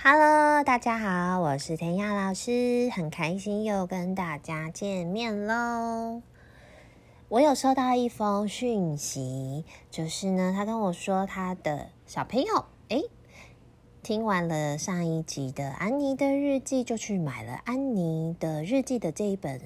Hello，大家好，我是彈雅老師，很開心又跟大家見面嘍。我有收到一封訊息，就是呢，他跟我說他的小朋友哎、欸，聽完了上一集的安妮的日記，就去買了安妮的日記的這一本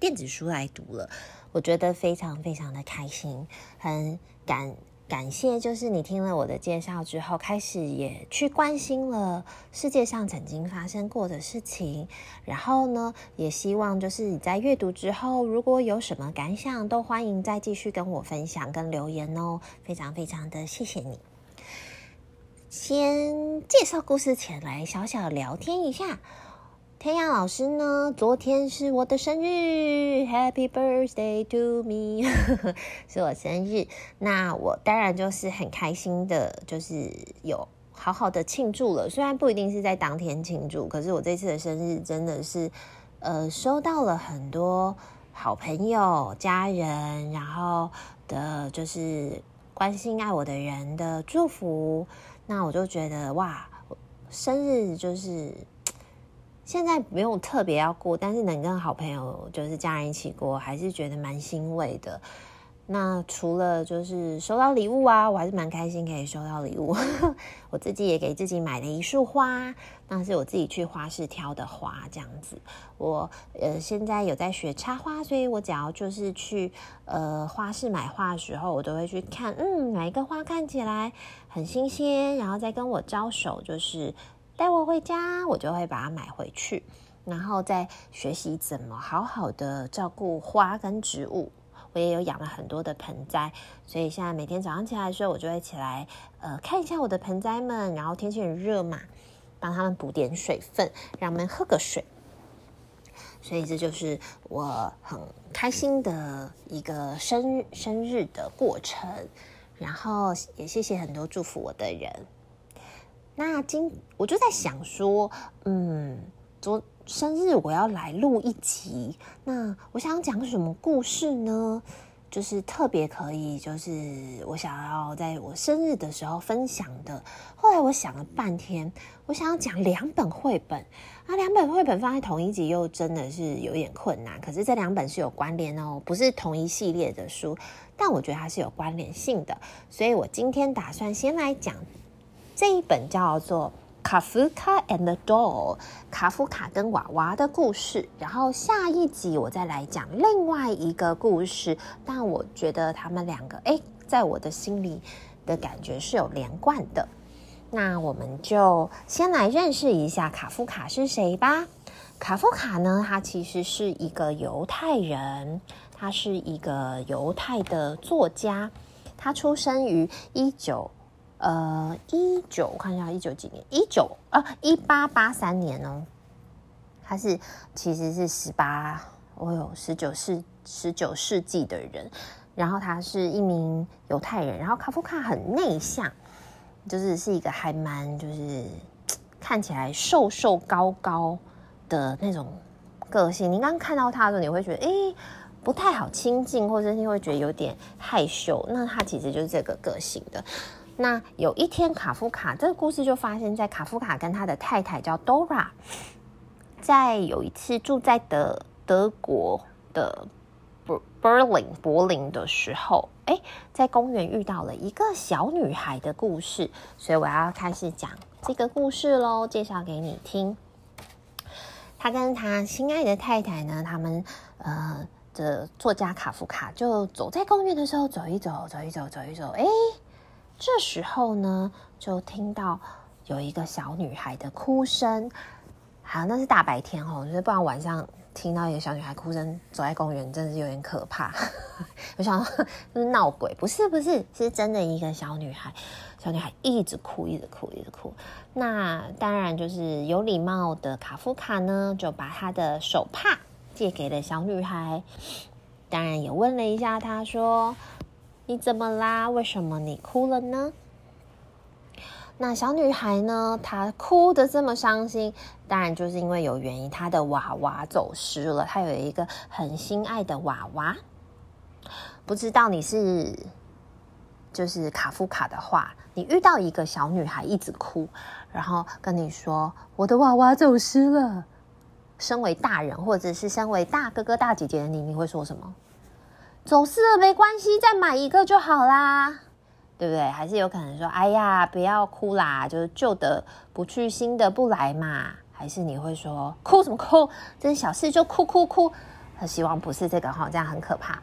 電子書來讀了，我覺得非常非常的開心，很感感謝，就是你聽了我的介紹之後，開始也去關心了世界上曾經發生過的事情。然後呢，也希望就是你在閱讀之後，如果有什麼感想，都歡迎再繼續跟我分享跟留言哦。非常非常的謝謝你。先介紹故事前，來小小聊天一下。彈雅老師呢，昨天是我的生日，Happy birthday to me， 是我生日。那我當然就是很開心的，就是有好好的慶祝了。雖然不一定是在當天慶祝，可是我這次的生日真的是，呃，收到了很多好朋友、家人，然後的就是關心愛我的人的祝福。那我就覺得哇，生日就是。現在不用特別要過，但是能跟好朋友就是家人一起過，還是覺得蠻欣慰的。那除了就是收到禮物啊，我還是蠻開心可以收到禮物。 我自己也給自己買了一束花，那是我自己去花市挑的花，這樣子。我呃現在有在學插花，所以我只要就是去呃花市買花的時候，我都會去看，嗯，哪一個花看起來很新鮮，然後再跟我招手，就是，帶我回家，我就會把它買回去，然後再學習怎麼好好的照顧花跟植物。我也有養了很多的盆栽，所以現在每天早上起來的時候，我就會起來，呃，看一下我的盆栽們，然後天氣很熱嘛，幫他們補點水分，讓他們喝個水。所以這就是我很開心的一個生日生日的過程，然後也謝謝很多祝福我的人。那今我就在想說，嗯，昨生日我要來錄一集，那我想講什麼故事呢？就是特別可以，就是我想要在我生日的時候分享的。後來我想了半天，我想要講兩本繪本啊，兩本繪本放在同一集又真的是有點困難。可是這兩本是有關聯哦，不是同一系列的書，但我覺得它是有關聯性的，所以我今天打算先來講。這一本叫做《卡夫卡 and the doll》，卡夫卡跟娃娃的故事。然後下一集我再來講另外一個故事。但我覺得他們兩個哎，在我的心裡的感覺是有連貫的。那我們就先來認識一下卡夫卡是誰吧。卡夫卡呢，他其實是一個猶太人，他是一個猶太的作家，他出生於一九。呃，一九，我看一下一九幾年，一九啊，一八八三年哦，他是其實是十八，哦喲，十九世十九世紀的人，然後他是一名猶太人，然後卡夫卡很內向，就是是一個還蠻就是看起來瘦瘦高高的那種個性。你剛剛看到他的時候，你會覺得哎不太好親近，或者是你會覺得有點害羞。那他其實就是這個個性的。那有一天，卡夫卡這個故事就發生在卡夫卡跟他的太太叫 Dora，在有一次住在德德國的、er, Berlin 柏林的時候，誒，在公園遇到了一個小女孩的故事，所以我要開始講這個故事嘍，介紹給你聽。他跟他心愛的太太呢，他們的、呃、作家卡夫卡就走在公園的時候，走一走，走一走，走一走，哎。這時候呢，就聽到有一個小女孩的哭聲。好像那是大白天哦，就是不然晚上聽到有小女孩哭聲，走在公園真是有點可怕。 我想說，就是鬧鬼？不是，不是，是真的一個小女孩。小女孩一直哭，一直哭，一直哭。那當然，就是有禮貌的卡夫卡呢，就把她的手帕借給了小女孩。當然，也問了一下，她說。你怎麼啦？為什麼你哭了呢？那小女孩呢？她哭得這麼傷心，當然就是因為有原因。她的娃娃走失了，她有一個很心愛的娃娃。不知道你是就是卡夫卡的話，你遇到一個小女孩一直哭，然後跟你說：“我的娃娃走失了。”，身為大人，或者是身為大哥哥、大姐姐的你，你會說什麼？走失了沒關係，再買一個就好啦，對不對？還是有可能說，哎呀，不要哭啦，就是舊的不去，新的不來嘛。還是你會說，哭什麼哭？這件小事就哭哭哭。很希望不是這個哈，這樣很可怕。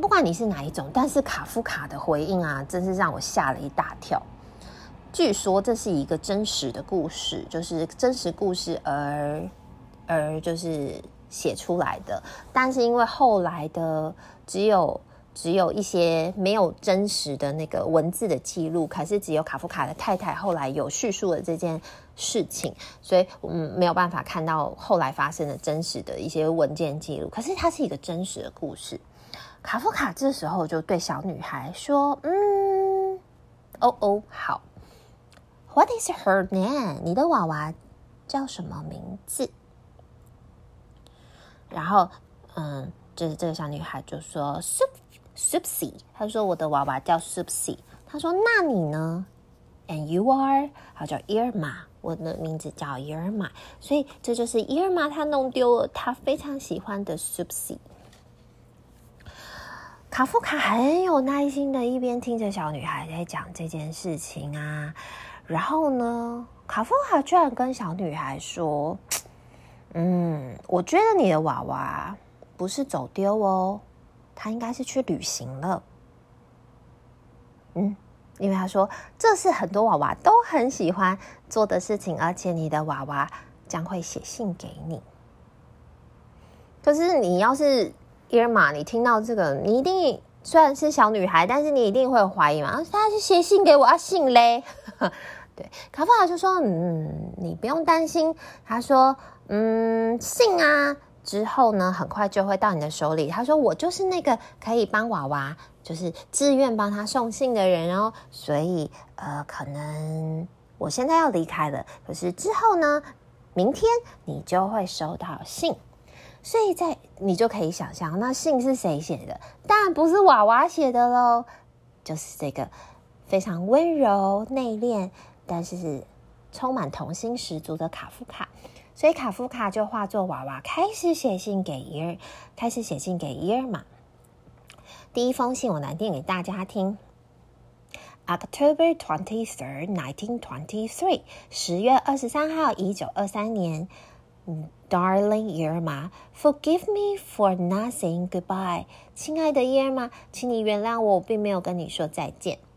不管你是哪一種，但是卡夫卡的回應啊，真是讓我嚇了一大跳。據說這是一個真實的故事，就是真實故事而，而而就是。寫出來的，但是因為後來的只有只有一些沒有真實的那個文字的記錄，可是只有卡夫卡的太太後來有敘述了這件事情，所以我們沒有辦法看到後來發生的真實的一些文件記錄。可是它是一個真實的故事。卡夫卡這時候就對小女孩說：“嗯，哦哦，好，What is her name？你的娃娃叫什麼名字？”然後，嗯，就是這個小女孩就說，Soup Soupsey，她說我的娃娃叫 Soupsey，她說那你呢？And you are？她叫伊爾瑪，我的名字叫伊爾瑪，所以這就是伊爾瑪她弄丟了她非常喜歡的 Soupsey。卡夫卡很有耐心的一邊聽着小女孩在講這件事情啊，然後呢，卡夫卡居然跟小女孩說。嗯，我覺得你的娃娃不是走丟哦，他應該是去旅行了。嗯，因為他說這是很多娃娃都很喜歡做的事情，而且你的娃娃將會寫信給你。可是你要是伊爾瑪，你聽到這個，你一定雖然是小女孩，但是你一定會懷疑嘛？他是寫信給我啊，信嘞。卡夫卡就說：“嗯，你不用擔心。”他說：“嗯，信啊，之後呢，很快就會到你的手裡。”他說：“我就是那個可以幫娃娃，就是自願幫他送信的人哦。所以，呃，可能我現在要離開了，可是，就是之後呢，明天你就會收到信。所以在你就可以想象，那信是誰寫的？當然不是娃娃寫的咯，就是這個非常溫柔內斂。”但是,是充滿童心十足的卡夫卡，所以卡夫卡就化作娃娃，開始寫信給伊爾，開始寫信給伊爾瑪。第一封信我來念給大家聽23 rd, 23, 10 23。October twenty third, nineteen twenty three，十月二十三號，一九二三年。嗯，Darling，伊爾瑪，forgive me for not saying goodbye。親愛的伊爾瑪，請你原諒我，我並沒有跟你說再見。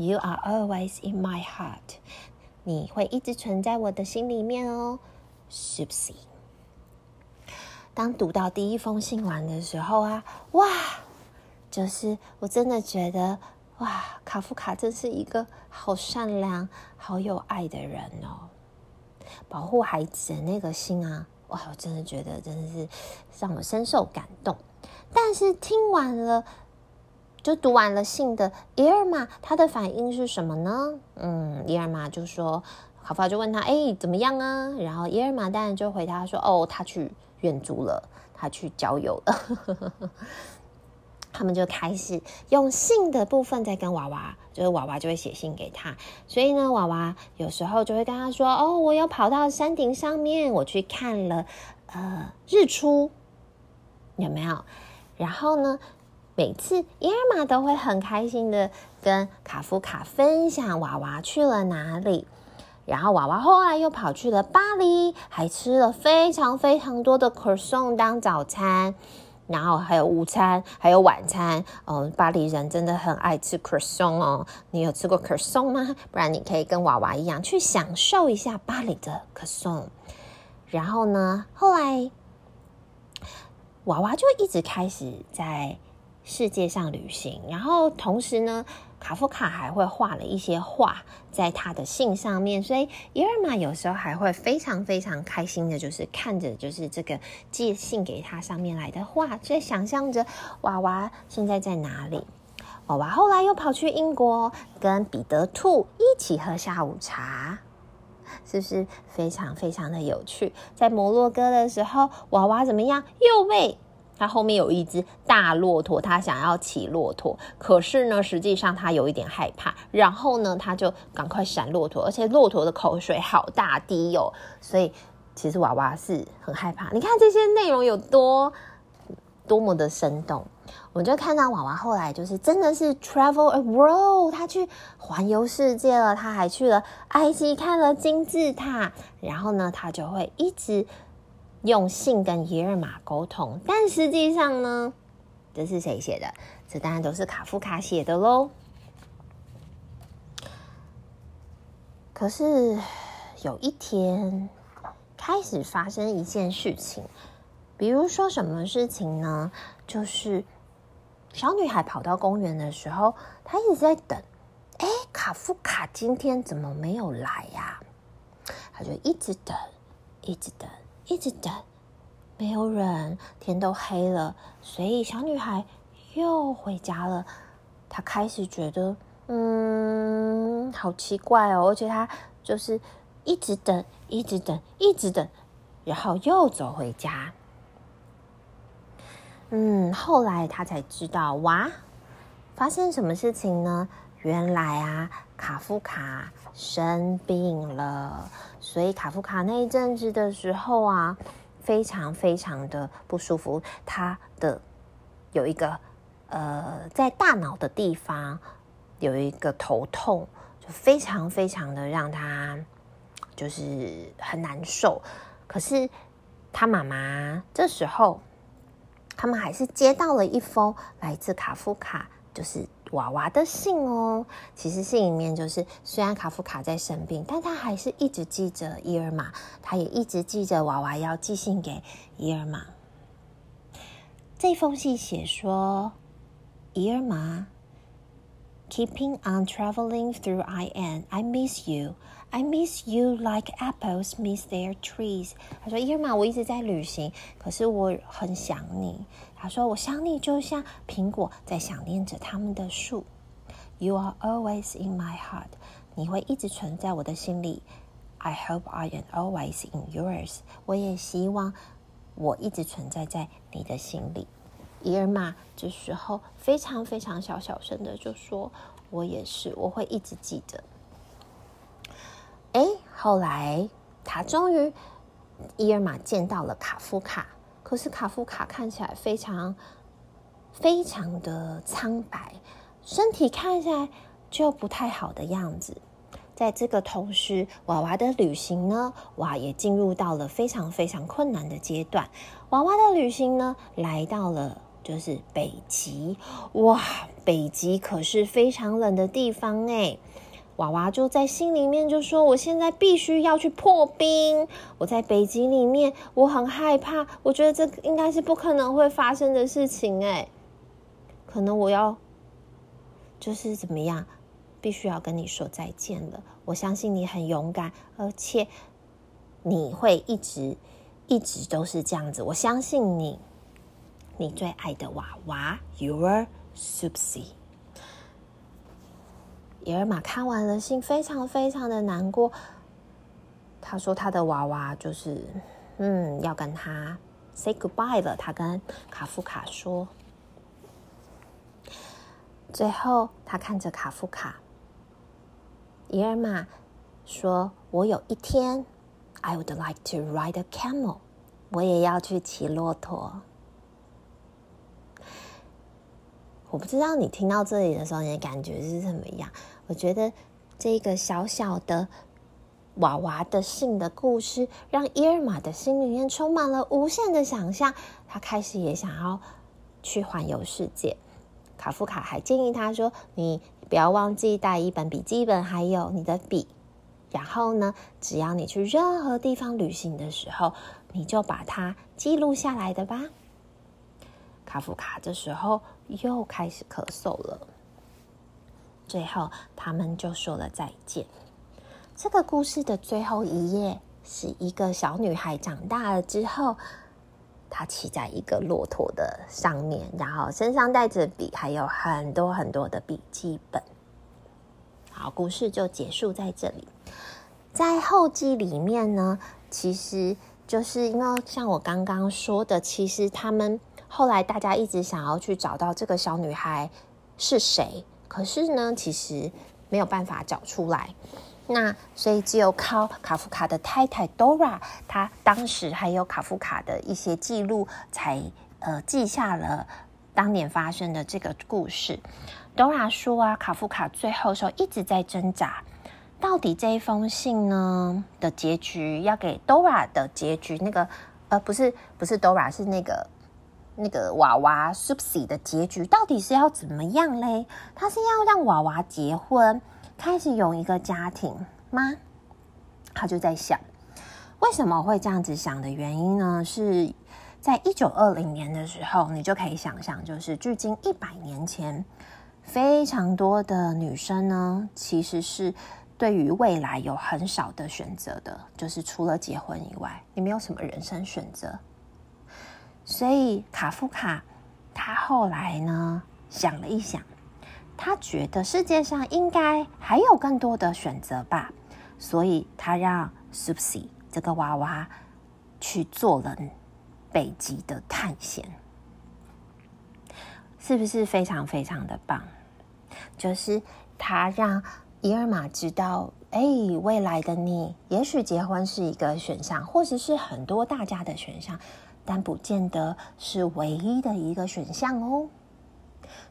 You are always in my heart，你會一直存在我的心裡面哦，是不是？當讀到第一封信完的時候啊，哇，就是我真的覺得哇，卡夫卡真是一個好善良、好有愛的人哦，保護孩子的那個心啊，哇，我真的覺得真的是讓我深受感動。但是聽完了。就讀完了信的伊爾瑪，他的反應是什麼呢？嗯，伊爾瑪就說，好，卡夫就問他，哎、欸，怎麼樣啊？然後伊爾瑪當然就回答他說，哦，他去遠足了，他去郊遊了。 他們就開始用信的部分在跟娃娃，就是娃娃就會寫信給他。所以呢，娃娃有時候就會跟他說，哦，我又跑到山頂上面，我去看了呃日出，有沒有？然後呢？每次伊爾瑪都會很開心的跟卡夫卡分享娃娃去了哪裡，然後娃娃後來又跑去了巴黎，還吃了非常非常多的可頌當早餐，然後還有午餐，還有晚餐。嗯、哦，巴黎人真的很愛吃可頌哦。你有吃過可頌嗎？不然你可以跟娃娃一樣去享受一下巴黎的可頌。然後呢，後來娃娃就一直開始在。世界上旅行，然後同時呢，卡夫卡還會畫了一些畫在他的信上面，所以伊爾瑪有時候還會非常非常開心的，就是看着就是這個寄信給他上面來的畫，所以想象着娃娃現在在哪裡。娃娃後來又跑去英國，跟彼得兔一起喝下午茶，是不是非常非常的有趣？在摩洛哥的時候，娃娃怎麼樣？又被。他後面有一隻大駱駝，他想要騎駱駝，可是呢，實際上他有一點害怕。然後呢，他就趕快閃駱駝，而且駱駝的口水好大滴喲、哦，所以其實娃娃是很害怕。你看這些內容有多多麼的生動，我們就看到娃娃後來就是真的是 travel a world，他去環遊世界了，他還去了埃及看了金字塔，然後呢，他就會一直。用信跟耶爾瑪溝通，但實際上呢，這是誰寫的？這當然都是卡夫卡寫的嘍。可是有一天開始發生一件事情，比如說什麼事情呢？就是小女孩跑到公園的時候，她一直在等。哎、欸，卡夫卡今天怎麼沒有來呀、啊？她就一直等，一直等。一直等，沒有人，天都黑了，所以小女孩又回家了。她開始覺得，嗯，好奇怪哦。而且她就是一直等，一直等，一直等，然後又走回家。嗯，後來她才知道哇，發生什麼事情呢？原來啊。卡夫卡生病了，所以卡夫卡那一陣子的時候啊，非常非常的不舒服。他的有一個呃，在大腦的地方有一個頭痛，就非常非常的讓他就是很難受。可是他媽媽這時候，他們還是接到了一封來自卡夫卡，就是。娃娃的信哦，其實信裡面就是，雖然卡夫卡在生病，但他還是一直記着伊爾瑪，他也一直記着娃娃要寄信給伊爾瑪。這封信寫說：“伊爾瑪，Keeping on traveling through I am，I miss you。” I miss you like apples miss their trees。他說：“伊爾瑪，我一直在旅行，可是我很想你。”他說：“我想你，就像蘋果在想念着他們的樹。”You are always in my heart。你會一直存在我的心裡。I hope I am always in yours。我也希望我一直存在在你的心裡。伊爾瑪這時候非常非常小小聲的就說：“我也是，我會一直記得。”後來，他終於伊爾瑪見到了卡夫卡。可是卡夫卡看起來非常非常的蒼白，身體看起來就不太好的樣子。在這個同時，娃娃的旅行呢，哇，也進入到了非常非常困難的階段。娃娃的旅行呢，來到了就是北極，哇，北極可是非常冷的地方呢。娃娃就在心裡面就說：“我現在必須要去破冰，我在北極裡面，我很害怕。我覺得這應該是不可能會發生的事情哎、欸，可能我要就是怎麼樣，必須要跟你說再見了。我相信你很勇敢，而且你會一直一直都是這樣子。我相信你，你最愛的娃娃，You are super sweet。”伊爾瑪看完了信，非常非常的難過。他說：“他的娃娃就是，嗯，要跟他 say goodbye 了。”他跟卡夫卡說。最後，他看着卡夫卡，伊爾瑪說：“我有一天，I would like to ride a camel，我也要去騎駱駝。”我不知道你聽到這裡的時候，你的感覺是什麼樣？我覺得這個小小的娃娃的信的故事，讓伊爾瑪的心裡面充滿了無限的想象。他開始也想要去環遊世界。卡夫卡還建議他說：“你不要忘記帶一本筆記本，還有你的筆。然後呢，只要你去任何地方旅行的時候，你就把它記錄下來的吧。”卡夫卡這時候又開始咳嗽了。最後，他們就說了再見。這個故事的最後一頁是一個小女孩長大了之後，她騎在一個駱駝的上面，然後身上帶着筆，還有很多很多的筆記本。好，故事就結束在這裡。在後記裡面呢，其實就是因為像我剛剛說的，其實他們後來大家一直想要去找到這個小女孩是誰。可是呢，其實沒有辦法找出來，那所以只有靠卡夫卡的太太 Dora，她當時還有卡夫卡的一些記錄，才呃記下了當年發生的這個故事。Dora 說啊，卡夫卡最後時候一直在掙扎，到底這一封信呢的結局要給 Dora 的結局，那個呃不是不是 Dora 是那個。那個娃娃 Susi 的結局到底是要怎麼樣嘞？他是要讓娃娃結婚，開始有一個家庭嗎？他就在想，為什麼會這樣子想的原因呢？是在一九二零年的時候，你就可以想象，就是距今一百年前，非常多的女生呢，其實是對於未來有很少的選擇的，就是除了結婚以外，你沒有什麼人生選擇。所以卡夫卡他後來呢想了一想，他覺得世界上應該還有更多的選擇吧，所以他讓 Susie 這個娃娃去做了北極的探險，是不是非常非常的棒？就是他讓伊爾瑪知道，哎，未來的你也許結婚是一個選項，或者是很多大家的選項。但不見得是唯一的一個選項哦。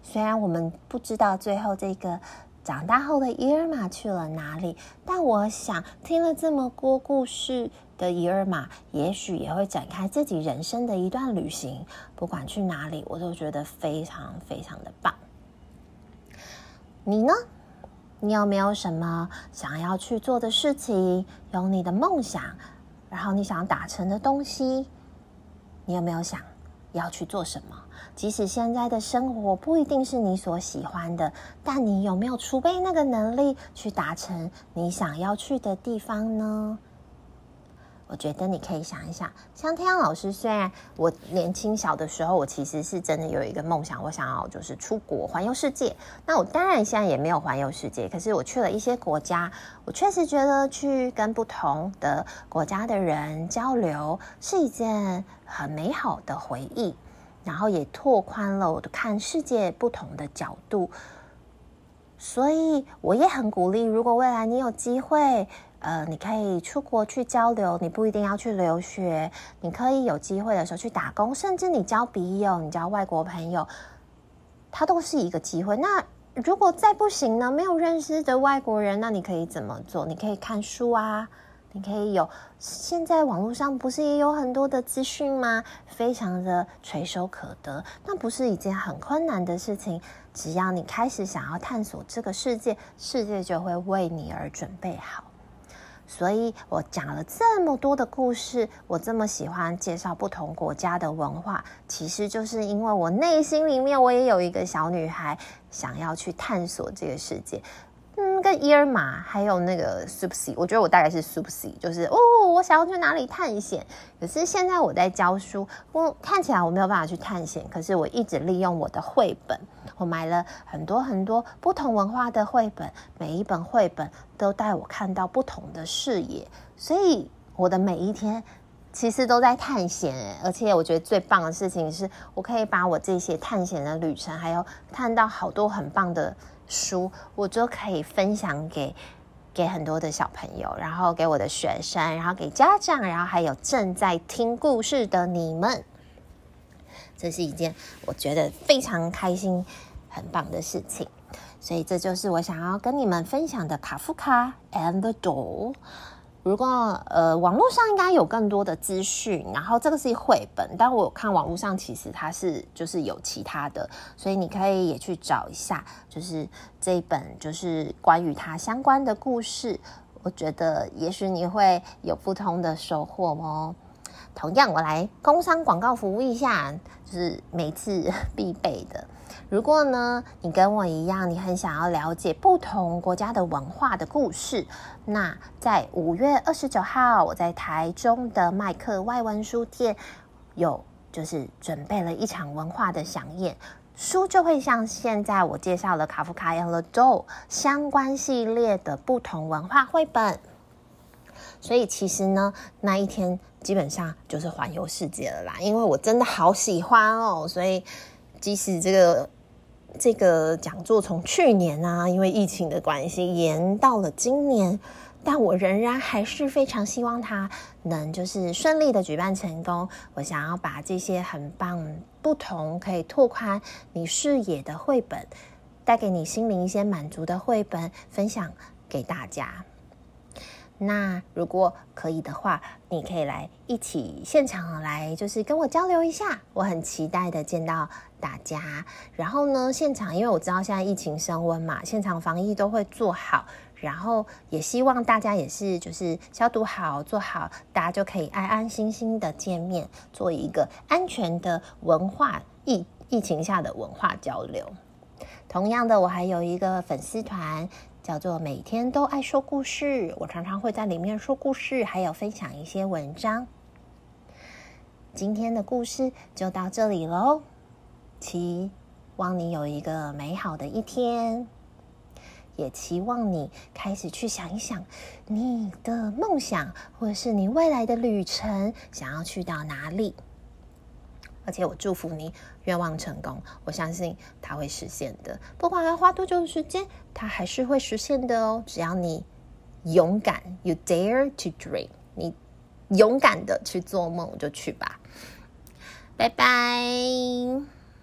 雖然我們不知道最後這個長大後的伊爾瑪去了哪裡，但我想聽了這麼多故事的伊爾瑪，也許也會展開自己人生的一段旅行。不管去哪裡，我都覺得非常非常的棒。你呢？你有沒有什麼想要去做的事情？有你的夢想，然後你想要達成的東西？你有沒有想要去做什麼？即使現在的生活不一定是你所喜歡的，但你有沒有儲備那個能力去達成你想要去的地方呢？我覺得你可以想一想，像彈雅老師，雖然我年輕小的時候，我其實是真的有一個夢想，我想要就是出國環遊世界。那我當然現在也沒有環遊世界，可是我去了一些國家，我確實覺得去跟不同的國家的人交流是一件很美好的回憶，然後也拓寬了我的看世界不同的角度。所以我也很鼓勵，如果未來你有機會。呃，你可以出國去交流，你不一定要去留學，你可以有機會的時候去打工，甚至你交筆友，你交外國朋友，他都是一個機會。那如果再不行呢？沒有認識的外國人，那你可以怎麼做？你可以看書啊，你可以有，現在網絡上不是也有很多的資訊嗎？非常的垂手可得，那不是一件很困難的事情。只要你開始想要探索這個世界，世界就會為你而準備好。所以我講了這麼多的故事，我這麼喜歡介紹不同國家的文化，其實就是因為我內心裡面，我也有一個小女孩，想要去探索這個世界。跟伊爾瑪，還有那個 Supsi，我覺得我大概是 Supsi，就是哦，我想要去哪裡探險，可是現在我在教書，我、嗯、看起來我沒有辦法去探險，可是我一直利用我的繪本，我買了很多很多不同文化的繪本，每一本繪本都帶我看到不同的視野，所以我的每一天，其實都在探險，而且我覺得最棒的事情是我可以把我這些探險的旅程，還有探到好多很棒的書，我都可以分享給給很多的小朋友，然後給我的學生，然後給家長，然後還有正在聽故事的你們。這是一件我覺得非常開心、很棒的事情，所以這就是我想要跟你們分享的《卡夫卡 and the doll》。如果呃，網絡上應該有更多的資訊，然後這個是一繪本，但我看網絡上其實它是就是有其他的，所以你可以也去找一下，就是這一本就是關於它相關的故事，我覺得也許你會有不同的收穫哦。同樣，我來工商廣告服務一下，就是每次必備的。如果呢，你跟我一樣，你很想要了解不同國家的文化的故事，那在五月二十九號，我在台中的麥克外文書店有就是準備了一場文化的饗宴，書就會像現在我介紹了卡夫卡《and the doll》相關系列的不同文化繪本。所以其實呢，那一天基本上就是環遊世界了啦，因為我真的好喜歡哦。所以即使這個這個講座從去年啊，因為疫情的關係延到了今年，但我仍然還是非常希望它能就是順利的舉辦成功。我想要把這些很棒、不同、可以拓寬你視野的繪本，帶給你心靈一些滿足的繪本，分享給大家。那如果可以的話，你可以來一起現場來，就是跟我交流一下，我很期待的見到大家。然後呢，現場因為我知道現在疫情升溫嘛，現場防疫都會做好，然後也希望大家也是就是消毒好，做好，大家就可以安安心心的見面，做一個安全的文化疫疫情下的文化交流。同樣的，我還有一個粉絲團。叫做每天都愛說故事，我常常會在裡面說故事，還有分享一些文章。今天的故事就到這裡嘍，期望你有一個美好的一天，也期望你開始去想一想你的夢想，或是你未來的旅程，想要去到哪裡。而且我祝福你，願望成功。我相信它會實現的，不管要花多久的時間，它還是會實現的哦。只要你勇敢，You dare to dream，你勇敢的去做夢，就去吧。拜拜。